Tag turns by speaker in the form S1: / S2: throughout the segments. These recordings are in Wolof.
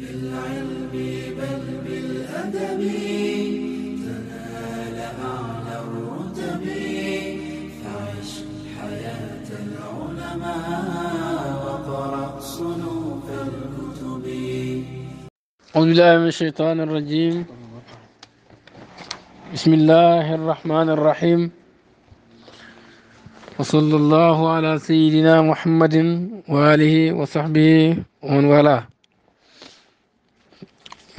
S1: بالعلم بل بالأدب تنال أعلى الرتب فعش حياة العلماء وقرأ صنوف الكتب أعوذ بالله من الشيطان الرجيم بسم الله الرحمن الرحيم وصلى الله على سيدنا محمد وآله وصحبه ومن والاه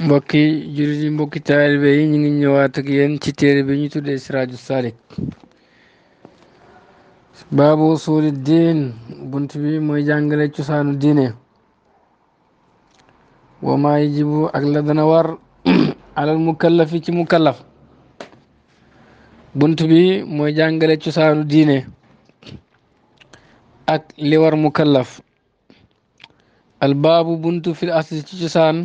S1: mbokki jullit yi mbokki taalibe yi ñu ngi ñëwaat ak yéen ci téere bi ñu tuddee Siraaju Salik baabu usuli diin bunt bi mooy jàngale cosaanu diine wa maa yajibu ak la bunt bi mooy jàngale cosaanu diine ak li war mukallaf al baabu buntu fil asli ci cosaan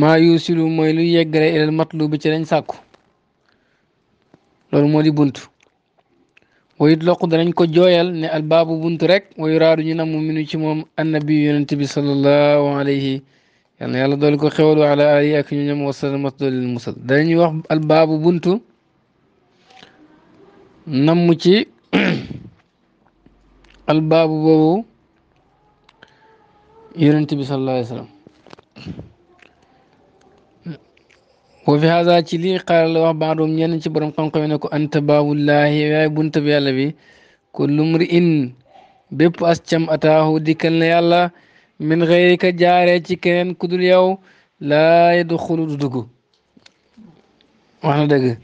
S1: maa yuusilu mooy lu yeggale ilal matlubi ci lañ sàkku loolu moo di bunt wayit loq danañ ko jooyal ne albaabu bunt rek wayu raadu ñu namm minu ci moom annabi yonent bi sallallahu alayhi yal na dool ko xewal wa ala ali ak ñu ñoom wasalmat doolil musal danañ wax baabu buntu namm ci albaabu boobu yonent bi sallallahu alayhi wa wa fi haza ci lii xaaral la wax baadum ñenn ci borom xam-xam yi ko anta baabullahi yaay bunta bi yàlla bi kullu mri'in bépp as cam ataahu dikkal na yàlla min xayrika jaaree ci keneen ku dul yow laa yadxulu du dugg wax na dëgg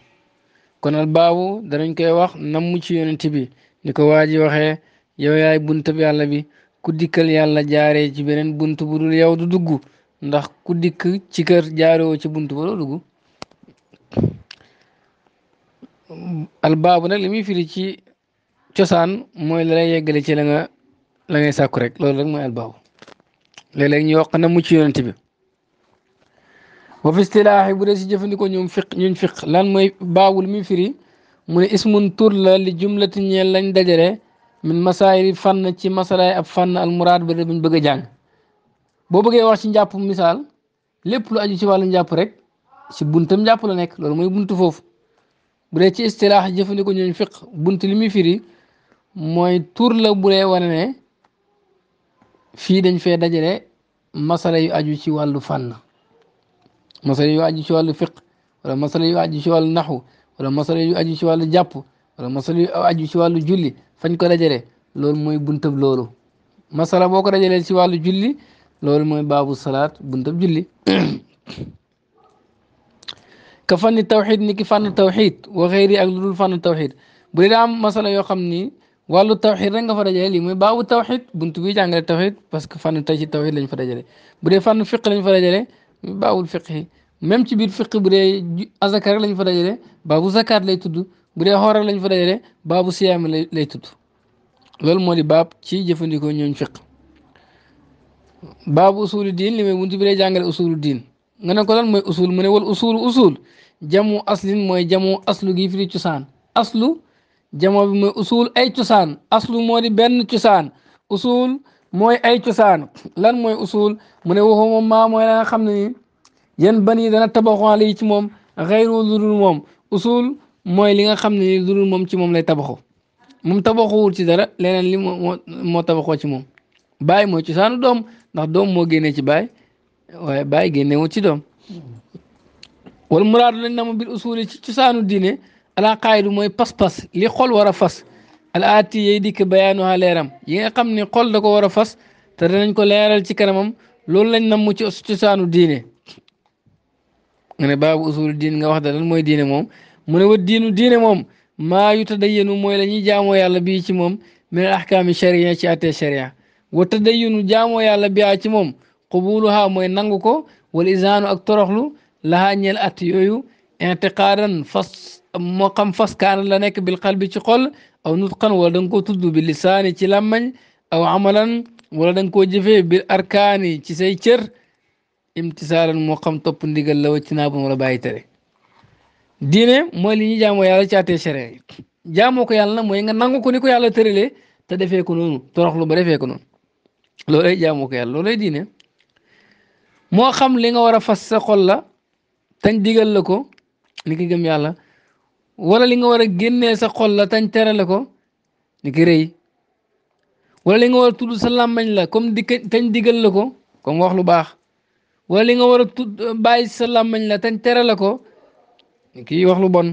S1: kon al baabu danañ koy wax namm ci yonent bi ni ko waa ji waxee yow yaay bunta bi yàlla bi ku dikkal yàlla jaare ci beneen bunt bu dul yow du dugg ndax ku dikk ci kër jaaroo ci bunt ba doo dugg al baabu nag li muy firi ci cosaan mooy la lay yeggale ci la nga la ngay sàkku rek loolu rek mooy albaabu léeg-léeg ñu wax na mucc yonent bi wa fi bu dee si jëfandikoo ñoom fiq ñuñ fiq lan mooy baabul mi firi mu ne ismun la li jumlati ñeel lañ dajale min masaayiri fànn ci masalaay ab fànn almuraad ba buñ bëgg a jàng boo bëggee wax ci njàpp misaal lépp lu aju ci wàllu njàpp rek si buntam njàpp la nekk loolu mooy bunt foofu bu dee ci istilaax jëfandikoo ñooñ fiq bunt li muy firi mooy tur la bu dee wane ne fii dañ fee dajale masala yu aju ci wàllu fànn masala yu aju ci wàllu fiq wala masala yu aju ci wàllu naxu wala masala yu aju ci wàllu jàpp wala masala yu aju ci wàllu julli fañ ko dajale loolu mooy buntab loolu masala boo ko dajalee ci wàllu julli lool mooy baabu salaat buntab julli كفن التوحيد نيكي فن التوحيد وغيري اغلو فن التوحيد بريد ام مثلا يو خمني والو التوحيد رنغا فرجالي مي باو التوحيد بنت بي جانغ التوحيد باسكو فن تاجي التوحيد لنج فرجالي بري فن فقه لنج فرجالي مي باو الفقه ميم تي بير فقه بري ازكار لنج فرجالي باو زكار لي تود بري هور لنج فرجالي باو صيام لي تود لول مولي باب تي جيفنديكو نيون فقه باب اصول الدين لي مي بنت بري جانغ اصول الدين nga ne ko lan mooy usul mu ne wal usul usul jamu aslin mooy jamu aslu gi firi cosaan aslu jamoo mooy usul ay cosaan aslu moo benn cosaan usul mooy ay cosaan lan mooy usul mu ne waxu moom maa mooy la nga xam ne ni yan ban yi dana tabaxoon lii ci moom xayru lu moom usul mooy li nga xam ne ni lu moom ci moom lay tabaxoo moom tabaxuwul ci dara leneen li moo moo tabaxoo ci moom baay mooy cosaanu doom ndax doom moo génnee ci baay. waaye bàyyi génne wu ci doom wal muraadu lañ na mu bil usuli ci cosaanu diine ala xaayidu mooy pas-pas li xol war a fas al aati yey dikk bayaanuha leeram yi nga xam ne xol da ko war a fas te danañ ko leeral ci kanamam loolu lañ nam mu ci cosaanu diine nga ne baabu usul diin nga wax da mooy diine moom mu ne wa diinu diine moom maa yu tadayyanu mooy la ñuy jaamoo yàlla bii ci moom min a ahkaami sharia ci àttee sharia wa tadayyanu jaamoo yàlla bi ci moom qubuluha mooy nangu ko wal isaanu ak toroxlu lahaa ñeel at yooyu intiqaadan fas moo xam fas kaana la nekk bil qalbi ci xol aw nutqan wala da nga koo tudd bi lisaani ci làmmañ aw amalan wala dan nga koo jëfee bil arkaani ci say cër imtisaalan moo xam topp ndigal la wacc naa bon wala bàyyi tere diine mooy li ñuy jaamoo yàlla ci àttee jaamoo ko yàlla mooy nga nangu ko ni ko yàlla tëralee te defee ko noonu toroxlu ba defee ko noonu loolay jaamoo ko yàlla loolay moo xam li nga war a fas sa xol la tañ digal la ko ni ki gëm yàlla wala li nga war a génnee sa xol la tañ tere la ko ni ki rey walla li nga war a tudd sa làmmañ la comme di tañ digal la ko comme wax lu baax wala li nga war a tudd bàyyi sa làmmañ la tañ tere la ko ni ki wax lu bon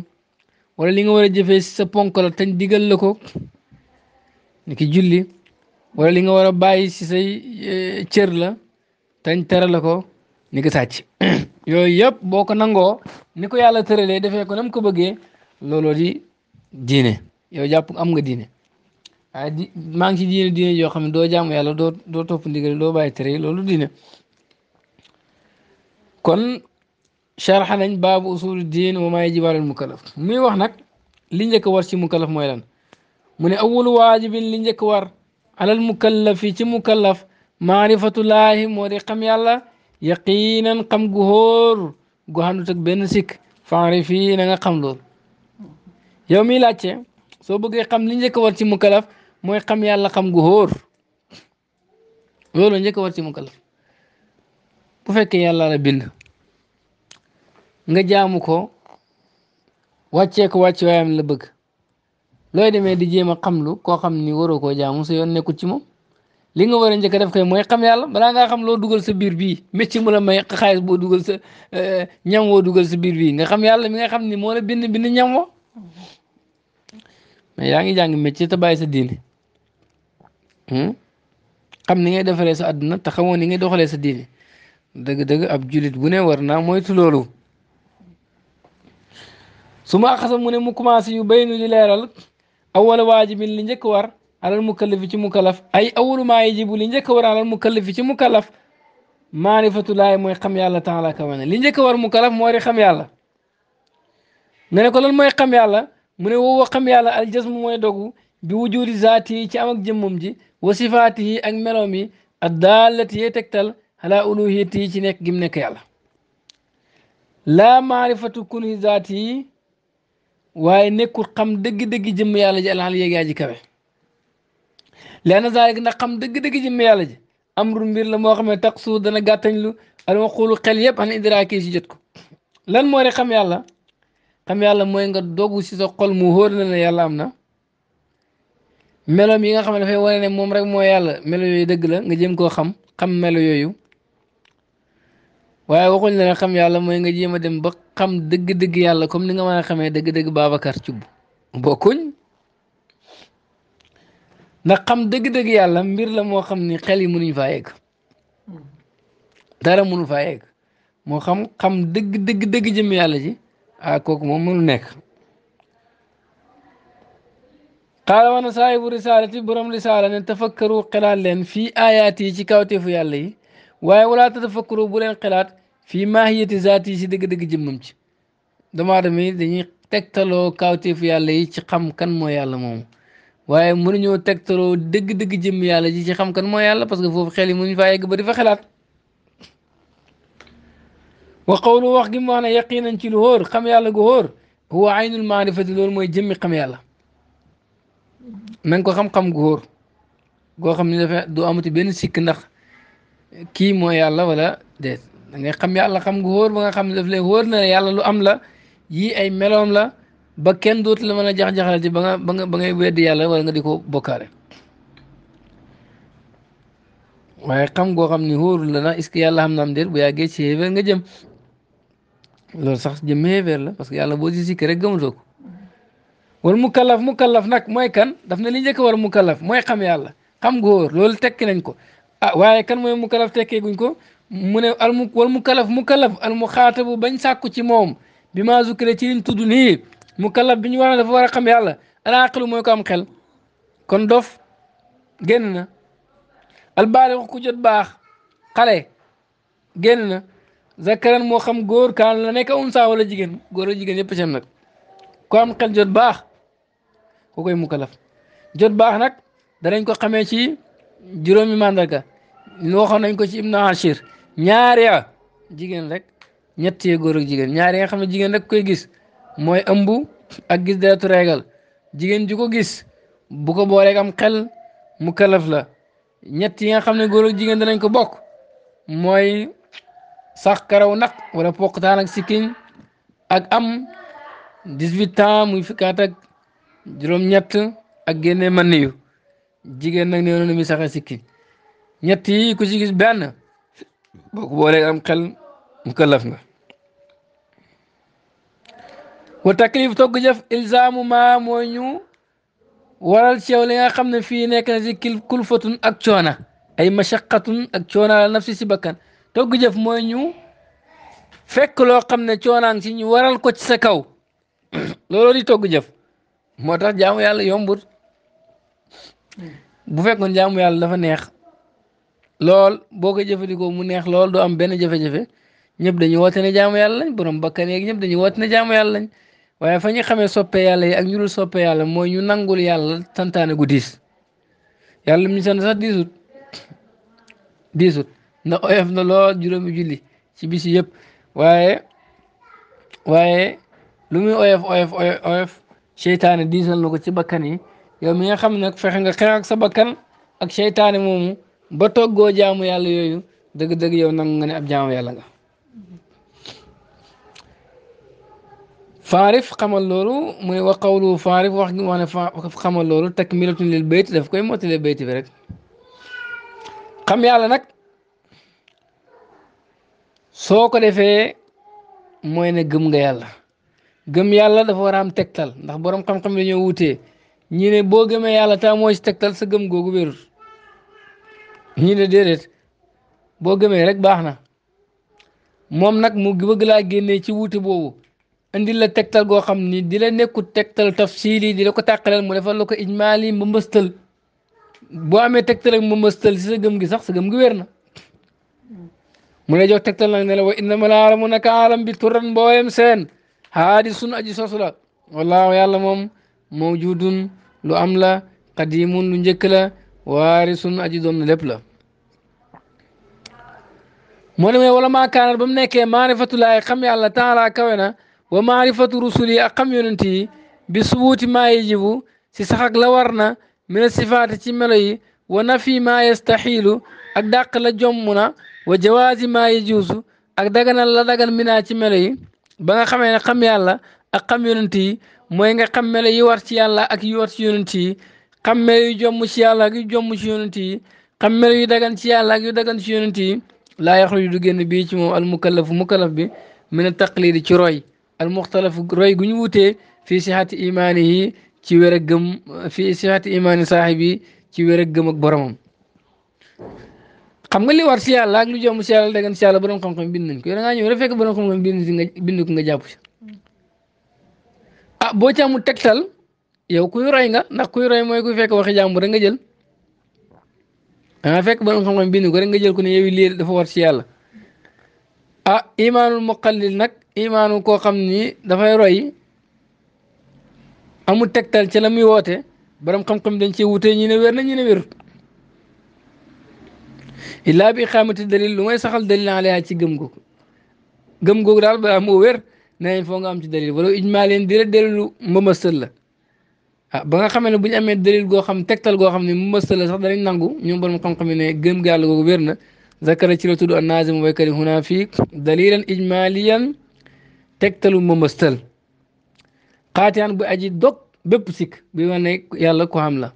S1: wala li nga war a jëfee sa ponk la tañ digal la ko ni ki julli wala li nga war a bàyyi si say eh, cër la tañ tere la ko ni ko sàcc yooyu yëpp boo ko nangoo ni ko yàlla tëralee defee ko nam ko bëggee looloo di diine yow jàpp am nga diine waaye di maa ngi ci diine diine yoo xam ne doo jaamu yàlla doo doo topp ndigal doo bàyyi tere loolu diine kon sharxa nañ baabu usulu diin wa maa yajibu alal mukallaf muy wax nag li njëkk war ci mukallaf mooy lan mu ne awwalu waajibin li njëkk war alal mukallafi ci mukallaf maarifatullaahi moo di xam yàlla yaqiinan xam gu hóor gu àndut ak benn sikk fa yi na nga xam loolu yow miy laajte soo bëggee xam li njëkk war ci mukalaf mooy xam yàlla xam gu hóor loolu njëkk war ci mukalaf bu fekkee yàlla la bind nga jaamu ko wàccee ko wàcc waayam la bëgg looy demee di jéem a lu koo xam ni waroo koo jaamu sa yoon nekkul ci moom li nga war a njëkk def kay mooy xam yàlla balaa ngaa xam loo dugal sa biir bii métti mu la may xaalis boo dugal sa eh, ñam woo dugal sa biir bii nga xam yàlla mi nga xam ni moo la bind bind ñam mais yaa ngi jàng métti te bàyyi sa diine hmm? xam ni ngay defaree sa àdduna te xamoo ni ngay doxalee sa diine dëgg-dëgg ab julit bu ne war naa moytu loolu su ma xasam mu ne mu commencé yu béy di leeral awwal waajibin li njëkk war. alal mukallafi ci mukallaf ay awalu maa yajibu li njëkk war alal mukallafi ci mukallaf maarifatulaay mooy xam yàlla taala kawane li njëkk war mukallaf moo di xam yàlla nga ne ko lan mooy xam yàlla mu ne woowa xam yàlla aljasm mooy dogu bi wujudi zaati ci am ak jëmmam ji wa sifaati yi ak meloom yi ak daalati yee tegtal ala uluhiyati yi ci nekk gim nekk yàlla laa maarifatu kun yi zaati yi waaye nekkul xam dëgg-dëgg jëmm yàlla ji alal yéegi kawe lenn zaalik ndax xam dëgg-dëgg jëmm yàlla ji amru mbir la moo xam ne tax suuf dana gàttañ lu alma xuulu xel yëpp an idraaki si jot ko lan moo xam yàlla xam yàlla mooy nga dogu si sa xol mu na yàlla am na meloom yi nga xam dafay wane ne moom rek moo yàlla melo dëgg la nga jëm koo xam xam melo yooyu waaye waxuñ la xam yàlla mooy nga jéem a dem ba xam dëgg-dëgg yàlla comme ni nga mën a xamee dëgg-dëgg Babacar Cubb bokkuñ ndax xam dëgg-dëgg yàlla mbir la moo xam ni xel yi mënuñ faa yegg dara mënu faa yegg moo xam xam dëgg dëgg dëgg jëm yàlla ji ah kooku moom mënu nekk qaala wana saahibu risalati borom risaala ne tafakkaru xelaat leen fii ayaat yi ci kawteefu yàlla yi waaye walaa tatafakkaru bu leen xelaat fii maahiyati zaat yi si dëgg-dëgg jëmmam ci doomu aadama yi dañuy tegtaloo kawteefu yàlla yi ci xam kan moo yàlla moomu waaye mënuñoo tegtaloo dëgg-dëgg jëm yàlla ji ci xam kan mooy yàlla parce que foofu xel yi mënuñ faa yegg ba di fa xelaat wa qawlu wax gi mu wax ne yaqinan ci lu hóor xam yàlla gu hóor huwa aynul maarifati loolu mooy jëmmi xam yàlla na ko xam-xam gu hóor goo xam ne dafa du amati benn sikk ndax kii mooy yàlla wala déet da ngay xam yàlla xam gu hóor ba nga xam ne daf lay hóor na yàlla lu am la yii ay meloom la ba kenn dootu la mën a jax-jaxal ci ba nga ba nga ba ngay weddi yàlla wala nga di ko bokkaale waaye xam goo xam ni wóorul la na est-ce que yàlla xam na am déet bu yàggee ci xéeféer nga jëm loolu sax jëm xéeféer la parce que yàlla boo si sikk rek gëmatoo ko war mu kallaf mu kallaf nag mooy kan daf ne li njëkk war mu kallaf mooy xam yàlla xam góor loolu tekki nañ ko ah waaye kan mooy mu kallaf tekkee ko mu ne al mu war mu kallaf mu kallaf al mu xaata bu bañ sàkku ci moom bi maa zukkire ci liñ tudd nii mukallaf bi ñu wax ne dafa war a xam yàlla alaaqilu mooy ko am xel kon dof génn na albaaligu ku jot baax xale génn na zakaran moo xam góor kaan la nekk unsa wala jigéen góor ak jigéen yëpp seen nag ku am xel jot baax ku koy mukallaf jot baax nag danañ ko xamee ci juróomi màndarga waxoon nañ ko ci ibnu Ashir ñaari jigéen rek ñett yee góor ak jigéen ñaari nga xam ne jigéen rek koy gis mooy ambu ak gis deretu reegal jigéen ju ko gis bu ko booleeg am xel mu kalaf la ñett yi nga xam ne góor jigéen danañ ko bokk mooy sax karaw nag wala poqtaan ak sikkiñ ak am dix-huit ans muy fukkaat ak juróom-ñett ak génne man niyu jigéen nag nee na mi saxe sikkiñ ñett yi ku ci gis benn boo ko am xel mu kalaf nga wa taklif togg jëf ilzaamu ma moo ñu waral ci yow li nga xam ne fii nekk na si kulfatun ak coona ay mashaqatun ak coona la nafsi si bakkan togg jëf moo ñu fekk loo xam ne coonaan si ñu waral ko ci sa kaw looloo di togg jëf moo tax jaamu yàlla yombut bu fekkoon jaamu yàlla dafa neex lool boo ko jëfandikoo mu neex lool doo am benn jafe-jafe ñëpp dañuy woote ne jaamu yàlla lañ borom bakkan yeeg ñëpp dañuy woote ne jaamu yàlla lañ waaye fa ñu xamee soppe yàlla yi ak ñu dul soppe yàlla mooy ñu nangul yàlla tantaane gu diis yàlla mi sant sax diisut diisut na oyof na lool juróomi julli ci bis yëpp waaye waaye lu muy oyof oyof oyof seytaane diisal na ko ci bakkan yi yow mi nga xam nag fexe nga xeex ak sa bakkan ak seytaane moomu ba toggoo jaamu yàlla yooyu dëgg-dëgg yow nangu nga ne ab jaamu yàlla nga faarif xamal loolu muy wa qawlu faarif wax gi mu wax ne xamal loolu takmilatun lil bayt daf koy mottali bayt bi rek xam yàlla nag soo ko defee mooy ne gëm nga yàlla gëm yàlla dafa war a am tegtal ndax borom xam-xam dañoo wutee ñi ne boo gëmee yàlla ta mooy si tegtal sa gëm googu wérut ñi ne déedéet boo gëmee rek baax na moom nag mu bëgg laa génnee ci wuute boobu indil la tegtal goo xam ni di la nekkut tegtal tafsili di la ko tàqaleel mu defal la ko ijmaali mbëmbëstal boo amee tegtal ak mbëmbëstal si sa gëm gi sax sa gëm gi wér na mu lay jox tegtal nag ne la wa innama la alamu naka alam bi turan mboolem seen haadi sun aji sosu la wallaahu yàlla moom mawjudun lu am la qadimun lu njëkk la waari sun aji doom na lépp la moo demee wala maa kaanar ba mu nekkee maarifatulaay xam yàlla taala kawe na wa maarifatu rusul yi ak xam yonent yi bi subuuti maa yajibu si sax la war na mina sifaati ci melo yi wa nafi maa yastaxiilu ak dàq la jomm na wa jawaasi maa yajuusu ak daganal la dagan minaa ci melo yi ba nga xamee ne xam yàlla ak xam yonent yi mooy nga xam melo yi war ci yàlla ak yi war ci yonent yi xam melo yu jomm ci yàlla ak yu jomm ci yonent yi xam melo yu dagan ci yàlla ak yu dagan ci yonent yi laa yaxruju du génn bii ci moom al mukallafu mukallaf bi mina taqlidi ci roy almuxtalaf roy gu ñu wutee fii sixati imaani yi ci wér a gëm fii sixati imaani saaxib yi ci wér a gëm ak boromam xam nga li war si yàlla ak lu jom si yàlla dagan si yàlla borom xam-xam bind nañ ko yow fekk si nga bind ko nga jàpp ah boo ci amul tegtal yow kuy roy nga ndax kuy roy mooy kuy fekk waxi jàmbur rek nga jël da ngaa fekk borom xam-xam bind ko rek nga jël ko ne yow lii dafa war si ah imaanul muqallil nag. imaanu koo xam ni dafay roy amul tegtal ci la muy woote borom xam-xam dañ cee wutee ñi ne wér na ñi ne wérut illaa bi iqaamati dalil lu may saxal dalil alayha ci gëm googu gëm googu daal balaa moo wér nee foo nga am ci dalil wala ijmaa leen di la dalilu mbëmbëstal la ah ba nga xamee ne buñ amee dalil goo xam tegtal goo xam ne mbëmbëstal la sax danañ nangu ñoom borom xam-xam yi ne gëm gaal googu wér na zakara ci la tudd an naazim waykari huna fii dalilan ijmaaliyan tegtalu ma mëstal xaatiyaan bu aji dog bépp sikk bi ma ne yàlla ko xam la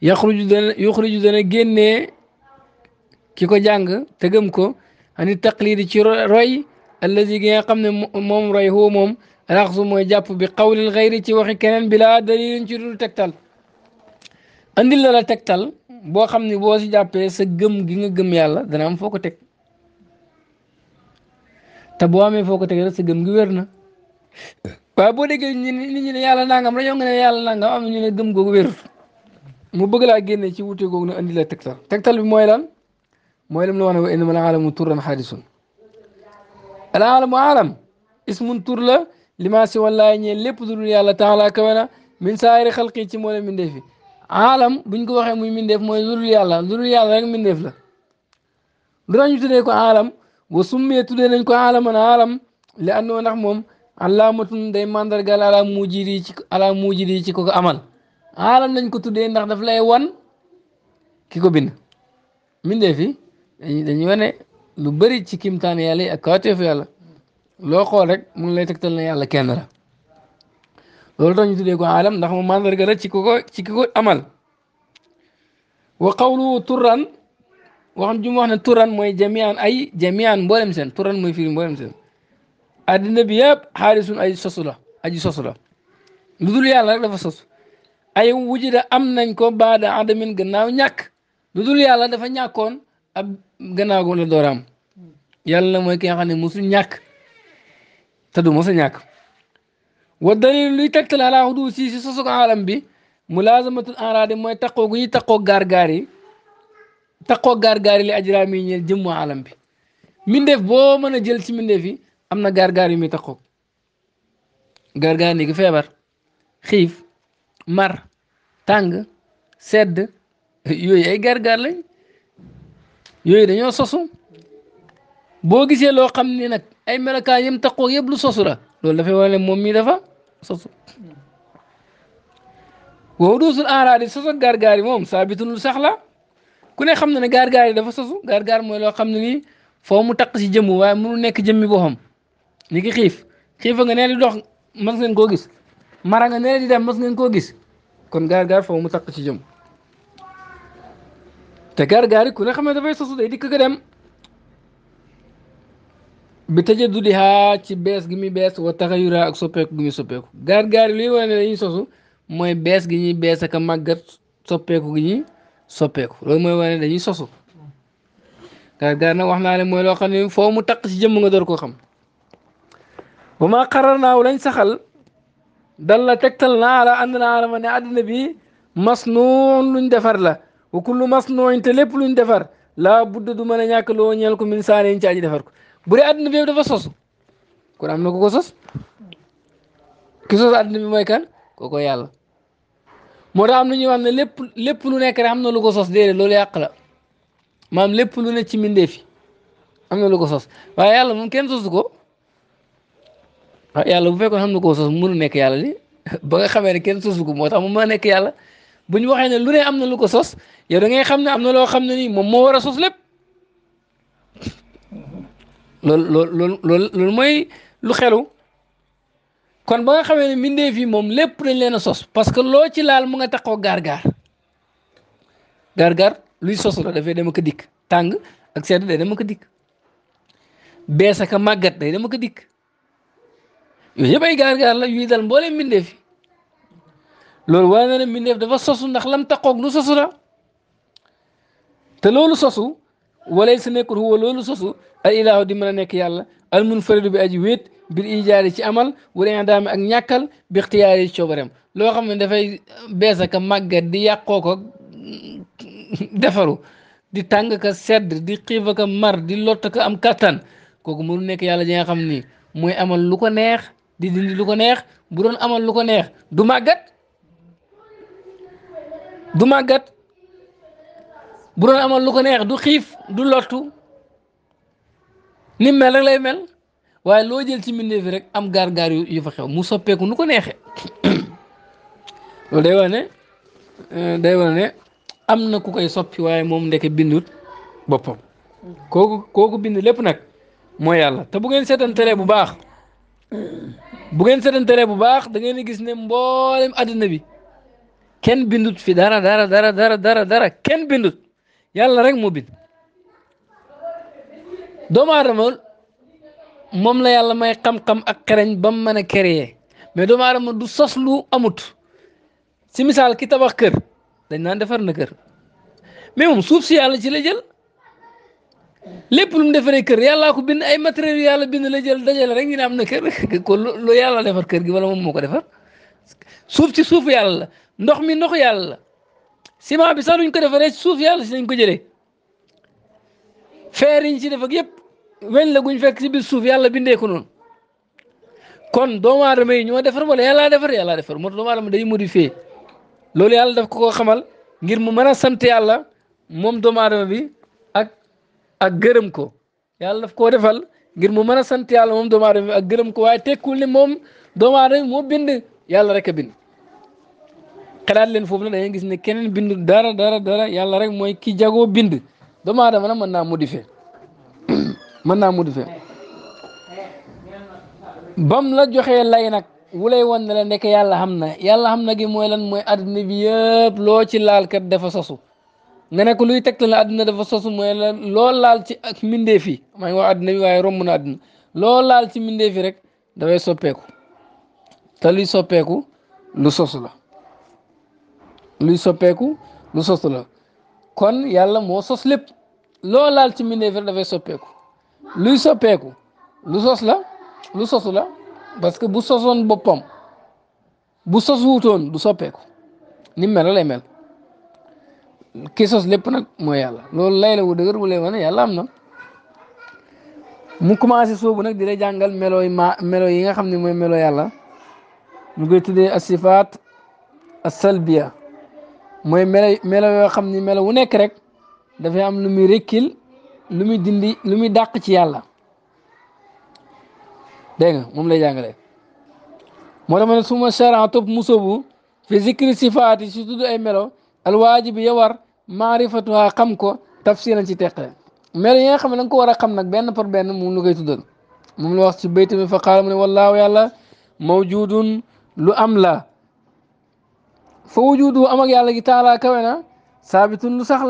S1: yaxruju dana yuxruju dana génnee ki ko jàng te gëm ko ani taqlidi ci roy allazi gi nga xam ne moom roy hoo moom raxsu mooy jàpp bi qawlil xayri ci waxi keneen bi laa dalilin ci dul tegtal andil la la tegtal boo xam ne boo si jàppee sa gëm gi nga gëm yàlla dana am foo ko teg te boo amee foo ko teg rek sa gëm gi boo déggee nit ñi ne yàlla nangam rek yow nga ne yàlla nangam am na ñu ne mu bëgg laa génne ci wute googu na andi la tegtal tegtal bi mooy lan mooy lam la wax ne wa innama al aalamu turran xaadisun al aalamu aalam ismun tur la limaa si wallaay ñee lépp du dul yàlla taala kawe na min saari xalqi ci moo la mindeef yi aalam buñ ko waxee muy mindeef mooy lu dul yàlla rek mindeef la lu ñu tuddee ko aalam wa summee tuddee nañ ko alaman alam li andoo ndax moom allaamatun day mandargal ala mujiri ci ala mujiri ci ko ko amal alam nañ ko tuddee ndax daf lay wan ki ko bind mindee fi dañuy wane lu bari ci kimtaan yàlla yi ak kawteef loo xool rek mu ngi lay tegtal na yàlla kenn la loolu tax ñu tuddee ko alam ndax moom mandarga la ci ko ko ci amal wa qawlu turran wax ji mu wax ne turan mooy jamian ay jamian mboolem seen turan mooy firi mboolem seen addina bi yëpp xaalisun ay sosu la aji sosu la lu dul yàlla rek dafa sosu ay wujida am nañ ko baada adamin gannaaw ñàkk lu dul yàlla dafa ñàkkoon ab gannaaw gu la dooraam yàlla mooy ki nga xam ne mosu ñàkk te du mosu ñàkk wa dalil luy tegtal ala hudu si si sosu alam bi mulaazamatul enraadi mooy taqoo gu ñuy taqoo gaar gaar taqoo gaar-gaar yi li ajraam yi ñeel jëmmu alam bi mbindeef boo mën a jël ci mbindeef yi am na gaar-gaar yu muy taqoo gaar-gaar ni ki feebar xiif mar tàng sedd yooyu ay gaar-gaar lañ yooyu dañoo sosu boo gisee loo xam ne nag ay melokaan yam taqoo yëpp lu sosu la loolu dafay wane moom mii dafa sosu wow doosul aaraadi sosu gaar-gaar yi moom saabitun lu sax la ku ne xam na ne gaar-gaar yi dafa sosu gaar-gaar mooy loo xam ne nii foo mu taq si jëmm waaye mënu nekk jëmmi boppam ni ki xiif xiifa nga nee di dox mas ngeen koo gis mara nga nee di mas ngeen koo gis kon gaar-gaar foo mu taq ci jëmm te gar gaar yi ku ne xam ne dafay sosu day dikk ko dem bi tëjee du di xaa ci bees gi muy bees wa taxayura ak soppeeku gi muy soppeeku gaar-gaar luy wane ne dañuy sosu mooy bees gi ñuy bees ak a màggat soppeeku gi ñuy soppeeku loolu mooy wane dañuy sosu gaar gaar nag wax naa ne mooy loo xam ne foo mu taq ci jëmm nga door koo xam ba maa xarar naaw lañ saxal dal la tegtal naa ala ànd naa ala ma ne àddina bi luñ defar la wa kullu masnuun te lépp luñ defar laa budda du mën a ñàkk loo ñeel ko min saane yiñ defar ko bu dee àddina bi dafa sosu kon am na ko ko sos ki sos àddina bi mooy kan kooko yàlla مرام نيو ام لب لب لو نيك راه امنا لوكو سوس ديري لولي حق لب مام لپ لو نيت سي مندي في امنا لوكو سوس وا يالا مون كين سوسكو وا يالا بو فيكو امنا لوكو سوس مونو نيك يالا لي باغا خامي ني كين سوسكو موتا مو ما نيك يالا بون وخي ني لوني امنا لوكو سوس يا دا غي خامي امنا لو خامي ني مو مو لب سوس لپ لول لول لول لول موي لو خيلو kon ba nga xamee ne mbindeef yi moom lépp dañ leen a sos parce que loo ci laal mu nga taxoo gaar-gaar gaar-gaar luy sos la dafay dem ak dikk tàng ak sedd day dem ak dikk bees ak màggat day dem ak dikk yooyu yëpp ay gaar-gaar la yuy dal mbooleem mbindeef fi loolu waaye na ne mbindeef dafa sosu ndax lam taxoog lu sosu la te loolu sosu walay sa nekkul huwa loolu sosu al ilaahu di mën a nekk yàlla al munfaridu bi aji wéet بالإيجار شيء عمل ورينا دام أن يأكل باختيار الشوبرم لو خم من دفعي بيزا كم مجد دي يقوك دفرو دي تانغ كسد دي قيفا كمر دي لوت كأم كتن كوك مرنك يا لجنا خم ني موي عمل لوكو نير دي دي لوكو نير بدون عمل لوكو نير دو مجد دو مجد بدون عمل لوكو نير دو خيف دو لوتو نيم مالك لا يمل waaye loo jël ci mbindeef yi rek am gaar-gaar yu fa xew mu soppeeku nu ko neexee loolu day wax ne euh, day wax am na ku koy soppi waaye moom ndeke bindut boppam kooku kooku bind lépp nag moo yàlla te bu ngeen seetanteree bu baax bu ngeen seetanteree bu baax da ngeen gis ne mboolem àddina bi kenn bindut fi dara dara dara dara dara kenn bindut yàlla rek moo bind doomu aadama mom la yàlla may xam-xam ak xereñ ba mu créer mais doomu aadama du sos lu amut ci misal ki tabax kër dañ nan defar na kër mais mom suuf ci yàlla ci la jël lépp lu mu defare kër yalla ko bind ay matériel yàlla bind la jël dajale rek ñu am na kër ko lu yàlla defar kër gi wala mom moko defar suuf ci suuf yàlla ndox mi ndox yàlla la ciment bi sa luñ ko defare suuf yàlla ci lañ ko jëlé fer yi ci def ak yëpp. weñ la guñ fekk ci biir suuf yàlla bindee ko noonu kon doomu aadama yi ñoo defar wala yàlla defar yàlla defar moo doomu aadama loolu yàlla daf ko ko xamal ngir mu mën a sant yàlla moom doomu bi ak gërëm ko yàlla daf koo defal ngir mu mën a sant yàlla moom doomu aadama bi ak gërëm ko waaye tekkul ne moom doomu aadama bi moo bind yàlla rek a bind xalaat leen foofu na da gis ne keneen bind dara dara dara yàlla rek mooy ki jagoo bind doomu aadama nag mën naa modifié mën naa modifier bam la joxe lay nag wu lay wan ne la nekk yàlla xam na yàlla xam na gi mooy lan mooy adduna bi yëpp loo ci laal kat dafa sosu nga ne ko luy tegtal la adduna dafa sosu mooy lan loo laal ci ak mbindeef yi maa ngi bi waaye romb na adduna loo laal ci mbindeef yi rek dafay soppeeku te luy soppeeku lu sosu la luy soppeeku lu sosu la kon yàlla moo sos lépp loo laal ci mbindeef yi rek dafay soppeeku. luy soppeeku lu sos la lu sosu la parce que bu sosoon boppam bu sos wuutoon du soppeeku ni mel lay mel ki sos lépp nag mooy yàlla loolu lay la wu dëgër wu lay yàlla am na mu commencé soobu nag di la jàngal melo yi ma melo yi nga xam ne mooy melo yàlla ñu koy tuddee asifaat asalbiya mooy melo melo yoo xam ni melo wu nekk rek dafay am lu muy rekkil lu muy dindi lu muy dàq ci yàlla dégg nga moom lay jàngale moo tax ma ne suma charan topp musobu fi zikri sifaati si tudd ay melo alwaajibi ya war maarifatuha xam ko tafsiran ci teqale melo yi nga xam ne da nga ko war a xam nag benn par benn moom lu koy tuddal moom la wax ci bayt bi fa qaala mu ne yàlla mawjudun lu am la fa wujudu am yàlla gi taalaa kawe lu sax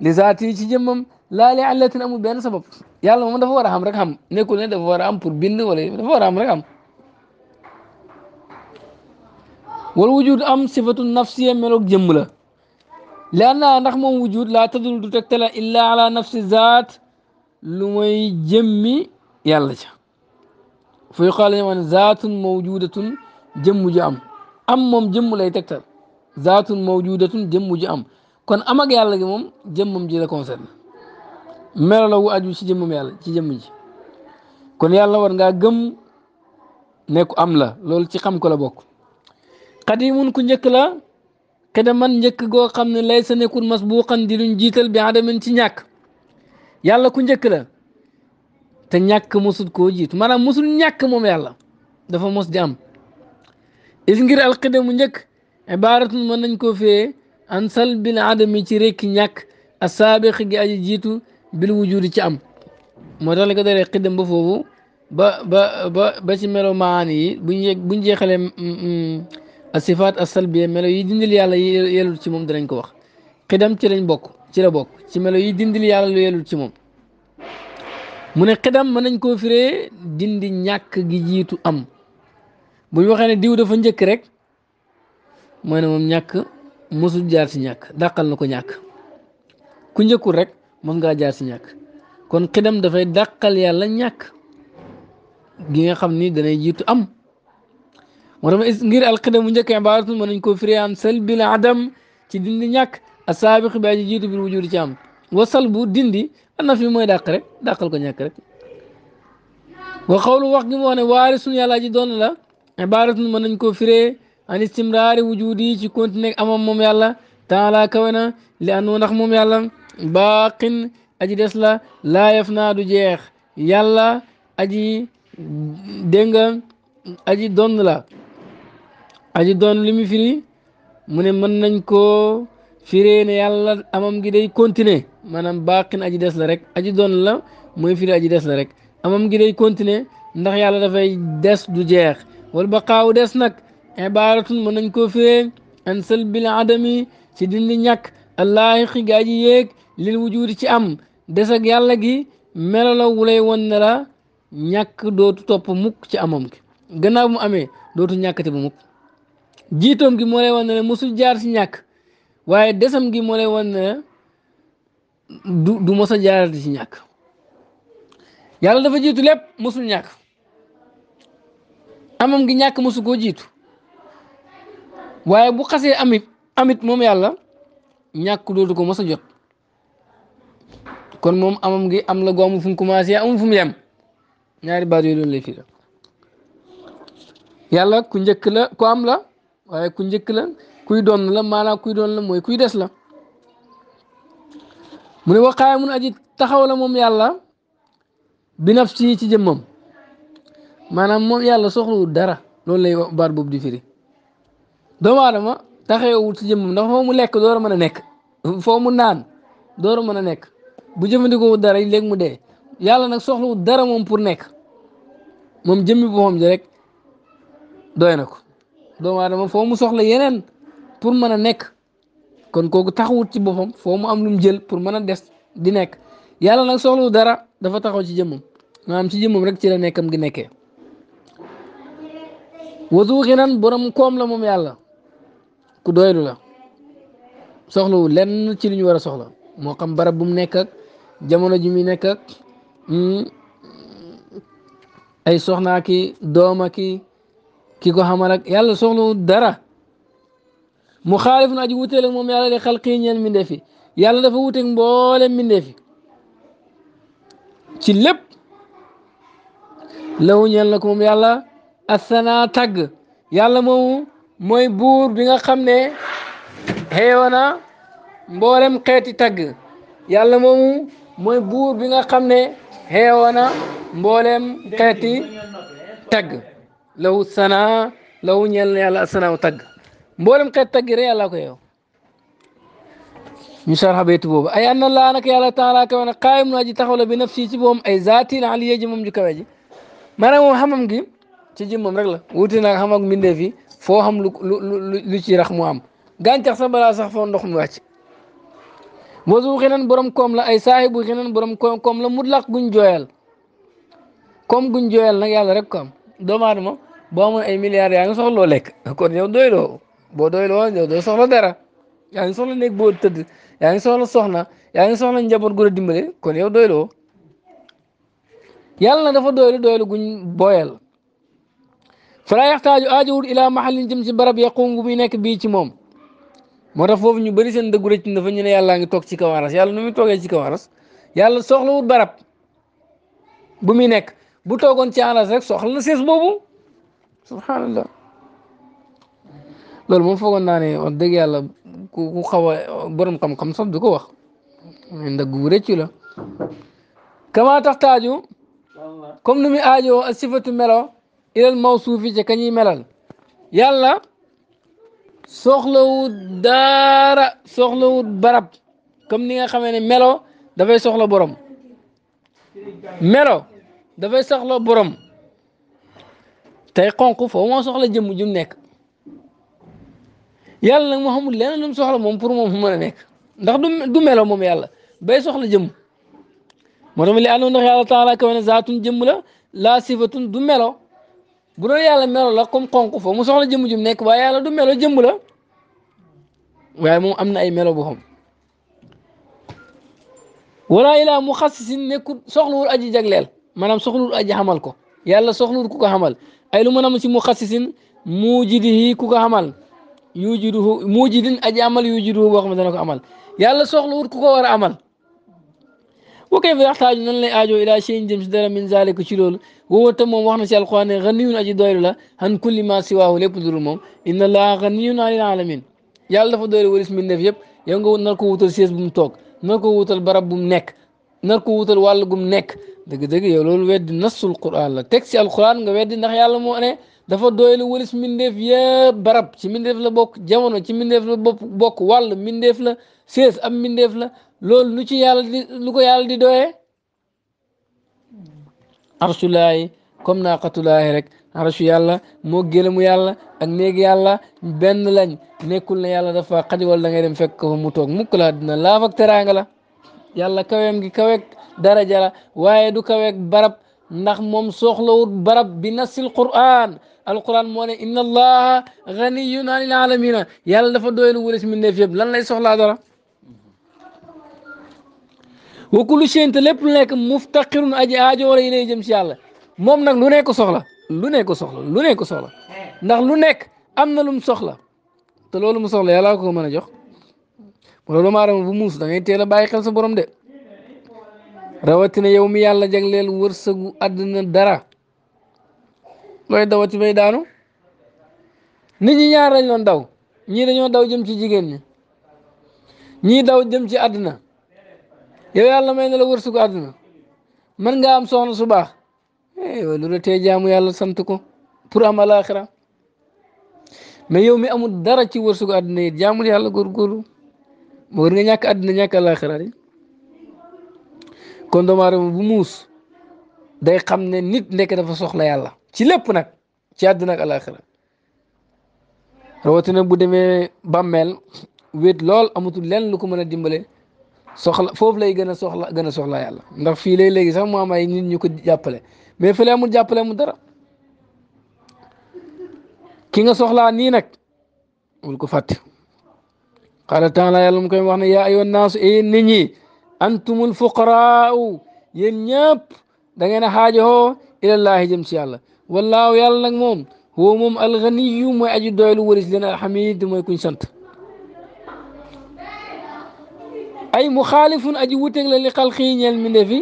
S1: li zaati ci jëmmam laa lee àllatin amul benn sabab yàlla moom dafa war a xam rek xam nekkul ne dafa war am pour bind wala dafa war a am rek am wal wujud am sifatu nafsiya meloog jëmm la lianna ndax moom wujud laa tadul du tegtala illa ala nafsi zaat lu mooy jëmmi yàlla ca fu yuqaalu ñu wan zaatun mawjudatun jëmm am am moom jëmm lay tegtal zaatun mawjudatun jëmm ji am kon amag ak yàlla gi moom jëmmam ji la melala wu aju ci jëmmam yàlla ci jëmm ji kon yàlla war ngaa gëm nekku am la loolu ci xam ko la bokk xadimun ku njëkk la xida man njëkk goo xam ne lay sa nekkul masbuqan di luñ jiital bi adamin ci ñàkk yàlla ku njëkk la te ñàkk mosul koo jiit maanaam mosul ñàkk moom yàlla dafa mos di am is ngir alxida mu njëkk ibaratun mën nañ koo fee an salbil adami ci rekki gi aji jiitu bil wujudi ci am moo tax la ko daree xiddam ba foofu ba ba ba ci melo maan yi bu yeg buñ jeexalee mm, mm, asifaat asalbiya melo yi dindil yàlla yelul ci moom danañ ko wax xidam ci lañ bokk ci la bokk ci melo yi dindil yàlla lu yelul ci moom mu ne xidam mën nañ koo firee dindi ñàkk gi jiitu am buñ waxee ne diw dafa njëkk rek mooy ne moom ñàkk mosul jaar ci ñàkk dàqal na ko ñàkk ku njëkkul rek man ngaa jaar si ñàkk kon xidam dafay dàqal yàlla ñàkk gi nga xam ni danay jiitu am moo tax ngir alxidamu njëkk ibaratun mën nañ koo firi an salbil adam ci dindi ñàkk asaabiq bi aji jiitu bil wujudi ci am wa salbu dindi ana fi mooy dàq rek ko ñàkk rek wa xawlu wax gi mu wax waarisun yàlla ji doon la ibaratun mën nañ koo an istimraari wujudi ci continuer amam moom yàlla taala kawe na li àndoon ndax moom baaqin aji des la laa yaf naa du jeex yàlla aji dégg nga aji doon la aji doon li mu firi mu ne mën nañ koo firee ne yàlla amam gi day continuer maanaam baaqin aji des la rek aji doon la mooy firi aji des la rek amam gi day continuer ndax yàlla dafay des du jeex wal ba xaaw des nag ibaaratun mën nañ koo firee an sël adami si dindi ñàkk allaahi xi gaa ji yéeg lil wujudi ci am des yàlla gi melala wulay won ne ñàkk dootu topp mukk ci amam gi gannaaw mu amee dootu ñàkkati bu mukk jiitoom gi moo lay won ne mosul jaar ci ñàkk waaye desam gi moo won du du mos a jaarati ci ñàkk yàlla dafa jiitu lépp mosul ñàkk amam gi ñàkk mosu koo jiitu waaye bu xasee amit amit moom yàlla ñàkk dootu ko mos a jot kon moom amam gi am la goomu fu mu commencé amul fu ñaari baat yooyu loolu lay firi yàlla ku njëkk la ku am la waaye ku njëkk la kuy doon la maanaam kuy doon la mooy kuy des la mu ne waxaay mun aji taxaw la moom yàlla bi nafsi ci jëmmam maanaam moom yàlla soxlawul dara loolu lay baat boobu di firi doomu aadama taxawul ci jëmmam ndax foo mu lekk door a mën a nekk foo mu naan door a mën a nekk bu jëfandikoo dara léegi mu dee yàlla nag soxlawul dara moom pour nekk moom jëmmi boppam ji rek doy na ko doomu aadama foo mu soxla yeneen pour mën a nekk kon kooku taxawut ci boppam foo mu am lu jël pour mën a des di nekk yàlla nag soxlawul dara dafa taxaw ci jëmmam maanaam ci jëmmam rek ci la nekkam gi nekkee wadu xinan borom koom la moom yàlla ku doylu la soxlawul lenn ci lu ñu war a soxla moo xam barab bu mu nekk jamono ji muy nekk mm, ay soxnaa ki dooma ki ki ko xamal ak yàlla soxlawul dara mu xaalif na aji wuteele moom yàlla de xal xii ñeen mbindee fi yàlla dafa wuteeg mboolem mbindee fi ci lépp law ñeel na ko moom yàlla assanaa tagg yàlla moomu mooy buur bi nga xam ne xeewana mboolem xeeti tagg yàlla moomu mooy buur bi nga xam ne xeewoona mbooleem xeeti tagg lawu sana lawu ñeel na yàlla asanaaw tagg mboolem xeet tagg rek yàlla ko yeew ñu sarxa baytu boobu ay anna laa nag yàlla taala kawe na qaayimun aji taxaw la bi nafsi ci boom ay zaatil aliya ji moom ju kawe ji maanaam moom xamam gi ci jëmmam rek la wuute naag xam ak mbindee foo xam lu lu ci rax mu am gàncax sax balaa sax foo ndox mu wàcc wasu xinan borom koom la ay saahibu xinan borom koom koom la mutlaq guñ jooyal koom guñ jooyal nag yàlla rek ko doom doomu aadama boo amoon ay milliards yaa ngi soxla loo lekk kon yow doyloo boo doyloo yow doo soxla dara yaa ngi soxla nekk boo tëdd yaa ngi soxla soxna yaa ngi soxla njaboot gu la dimbale kon yow doyloo yàlla na dafa doylu doylu guñ booyal fala yaxtaaju aajowul ila mahallin jëm ci barab yaquum gu muy nekk bii ci moom moo tax foofu ñu bari seen dëggu rëcc dafa ñu ne yàllaa ngi toog ci kaw aras yàlla nu muy toogee ci kaw aras yàlla soxlawut barab bu muy nekk bu toogoon ci aras rek soxla na sees boobu subhanallah loolu moom foogoon naa ne wax dëgg yàlla ku xaw a borom xam-xam du ko wax ndëggu rëccu la kama tax taaju comme nu muy aajoo a sifatu melo ilal suufi ca kañuy melal yàlla soxlawut daara soxlawut barab comme ni nga xamee ne melo dafay soxla borom melo dafay soxla borom tey xonq foo moo soxla jëmm jum nekk yàlla nag moo xamul leneen lu mu soxla moom pour moom fu mën nekk ndax du melo moom yàlla bay soxla jëmm moo tax li àndoon ndax yàlla taala kawe ne zaatun jëmm la laa sifatun du melo bu doon yàlla melo la comme xonq foofu mu soxla jëmm jum nekk waaye yàlla du melo jëmm la waaye moom am na ay melo boppam wala ilaa mu xassisin nekkul soxluwul aji jagleel maanaam soxluwul aji xamal ko yàlla soxluwul ku ko xamal ay lu mën a am si mu xassisin muujidihi ku ko xamal yujiduhu muujidin aji amal yujiduhu boo xam ne dana ko amal yàlla soxluwul ku ko war a amal وكيف يحتاج نن لي اجو الى شين جيمس دار من ذلك شي هو تم مو واخنا سي القران غني ون اجي دوير لا هن كل ما سواه لب دور موم ان الله غني عن العالمين يال دا فا دوير وريس من نيف ييب يانغو نالكو ووتال سيس بوم توك نالكو ووتال برب بوم نيك نالكو ووتال والو بوم نيك دغ دغ يا لول ويد نص القران لا تكسي القران غا ويد نخ يالا مو اني دا فا دوير وريس من نيف ييب برب سي من نيف لا بوك جامونو سي من نيف لا بوك والو من نيف لا سيس ام من نيف لا loolu lu ci yàlla di lu ko yàlla di doyee arsulaay comme naa rek arsu yàlla moo gëlëmu yàlla ak néeg yàlla benn lañ nekkul ne yàlla dafa xaj wala da ngay dem fekk ko mu toog mu laa dina laaf ak teraanga la yàlla kaweem gi kaweeg daraja la waaye du kaweeg barab ndax moom soxlawut barab bi nasil quran alquran moo ne inna allaha ganiyun anil alamina yàlla dafa doylu wulis min neef yëpp lan lay soxlaa dara wa lu shay'in te lépp lu nekk muftaqirun aji aajo yi ilay jëm si yàlla moom nag lu nekk ko soxla lu nekk ko soxla lu nekk ko ndax lu nekk am na lu mu soxla te loolu mu soxla yàlla ko mën a jox loolu maa dama bu muus da ngay teel a bàyyi xel sa borom de rawatina yow mi yàlla jagleel wërsëgu àddina dara looy dawati bay daanu nit ñi ñaar lañ doon daw ñii dañoo daw jëm ci jigéen ñi ñii daw jëm ci àddina yow yàlla may na la wërsëgu àdduna mën nga am soxna su baax eh, yow lu tee jaamu yàlla sant ko pour am alaxira mais yow mi amut dara ci wërsëgu àdduna yi jaamul yàlla góorgóorlu ma war nga ñàkk àdduna ñàkk alaxira yi kon doomu bu muus day xam ne nit ndekk dafa soxla yàlla ci lépp nag ci àdduna ak alaxira bu demee bàmmeel wéet lool amatul lenn lu ko mën a dimbale soxla foofu lay gën a soxla gën a soxla yàlla ndax fii lay leegi sax mu am ay nit ñu ko jàppale mais fële amul jàppale mu dara ki nga soxlaa nii nag bul ko fàtte qaala la yàlla mu koy wax ne yaa ayyuhan naasu yéen nit ñi antumul fuqaraau yéen ñëpp da ngeen a xaajoo ilallaahi jëm si yàlla wallaahu yàlla nag moom huwa moom alganiyu mooy aji doylu waris leen alhamid mooy kuñ sant ay muxaalifun aji wuteeg la li xalqi yi ñeel mbindeef yi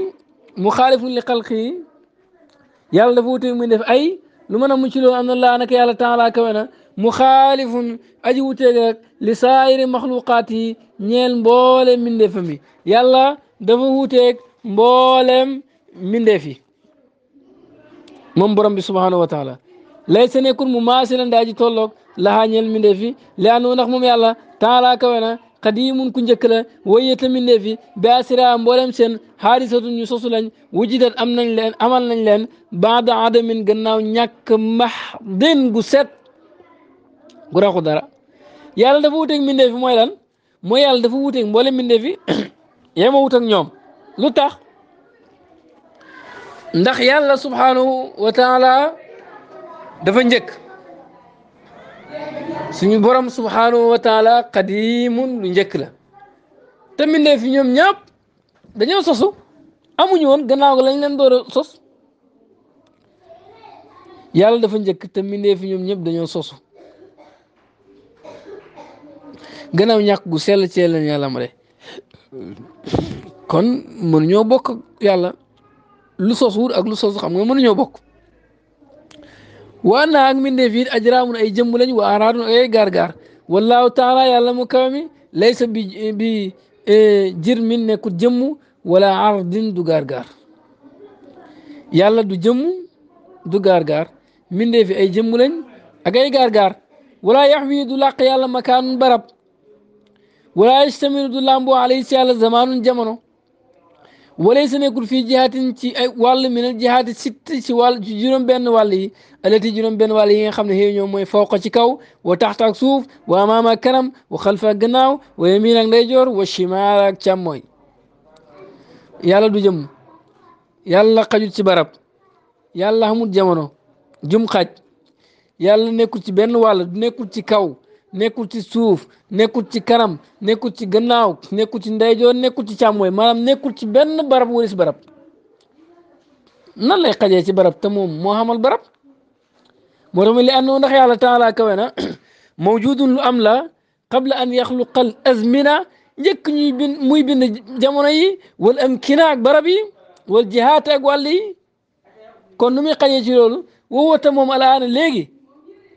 S1: muxaalifun li xalqi yi yàlla dafa wuteeg mbindeef ay lu mën a mucc loolu am na laa naka yàlla taalaa kawe na muxaalifun aji wuteeg rek li saayiri maxluqaat yi ñeel mboolem mbindeefam yi yàlla dafa wuteeg mboolem mbindeef yi moom borom bi subhaanahu wa taala lay sa nekkul mu maasilan daa ji tolloog laxaa ñeel mbindeef yi li àndoon ndax moom yàlla taalaa kawe na قديم كنجكلا ويت من نفي باسرا ام ولمسن حادثه يسوسلن وجدت امنا لن امنا لن بعد عدم غناو نياك محدن غسات غراخو دارا يال دا فوتك من نفي موي لان مو يال دا فوتك مولم من نفي يما ووتك نيوم لوتاخ ndax yalla subhanahu wa ta'ala dafa njëkk suñu borom subhanahu wa taala qadimun lu njëkk la te mbindee fi ñoom ñàpp dañoo sosu amuñu woon gannaaw lañ leen door sos yàlla dafa njëkk te mbindee fi ñoom ñëpp dañoo sosu gannaaw ñàkk gu sell cee leen yàlla am rek kon mënuñoo bokk yàlla lu sos wut ak lu sos xam nga mën ñoo bokk. waa naa ak mbindeef it ajraamun ay jëmm lañ wa araadun ay gaargaar wallaahu taala yàlla mu kawe mi bi bi e, jirmin nekkut jëmm wala ardin du gaargaar yàlla du jëmm du gaargaar mbindeef yi ay jëmm lañ ak ay wala yaxwi du làq yàlla makaanun barab wala yastamiru du làmboo alayhi si yàlla zamaanun jamono walay sa nekkul fii jihaatin ci ay wàll minal jihaati sitt ci wàll ci benn wàll yi alati juróom-benn wàll yi nga xam ne xëy ñoom mooy fawqa ci kaw wa taxta ak suuf wa amaama kanam wa xalfa ak gannaaw wa yamin ak ndeyjoor wa shimaar ak càmmooy yàlla du jëm yàlla xajut ci barab yàlla xamut jamono jum xaj yàlla nekkul ci benn wàll nekkul ci kaw nekkul ci suuf nekkul ci kanam nekkul ci gannaaw nekkul ci ndeyjoor nekkul ci càmmooy maanaam nekkul ci benn barab wala si barab nan lay xajee ci barab te moom moo xamal barab moo tax li àndoon ndax yàlla taala kawe na mawjudun lu am la qabla an yaxluqal azmina njëkk ñuy bind muy bind jamono yi wala amkina ak barab yi wala jihaat ak wàll yi kon nu muy xajee ci loolu wowata moom alaana léegi.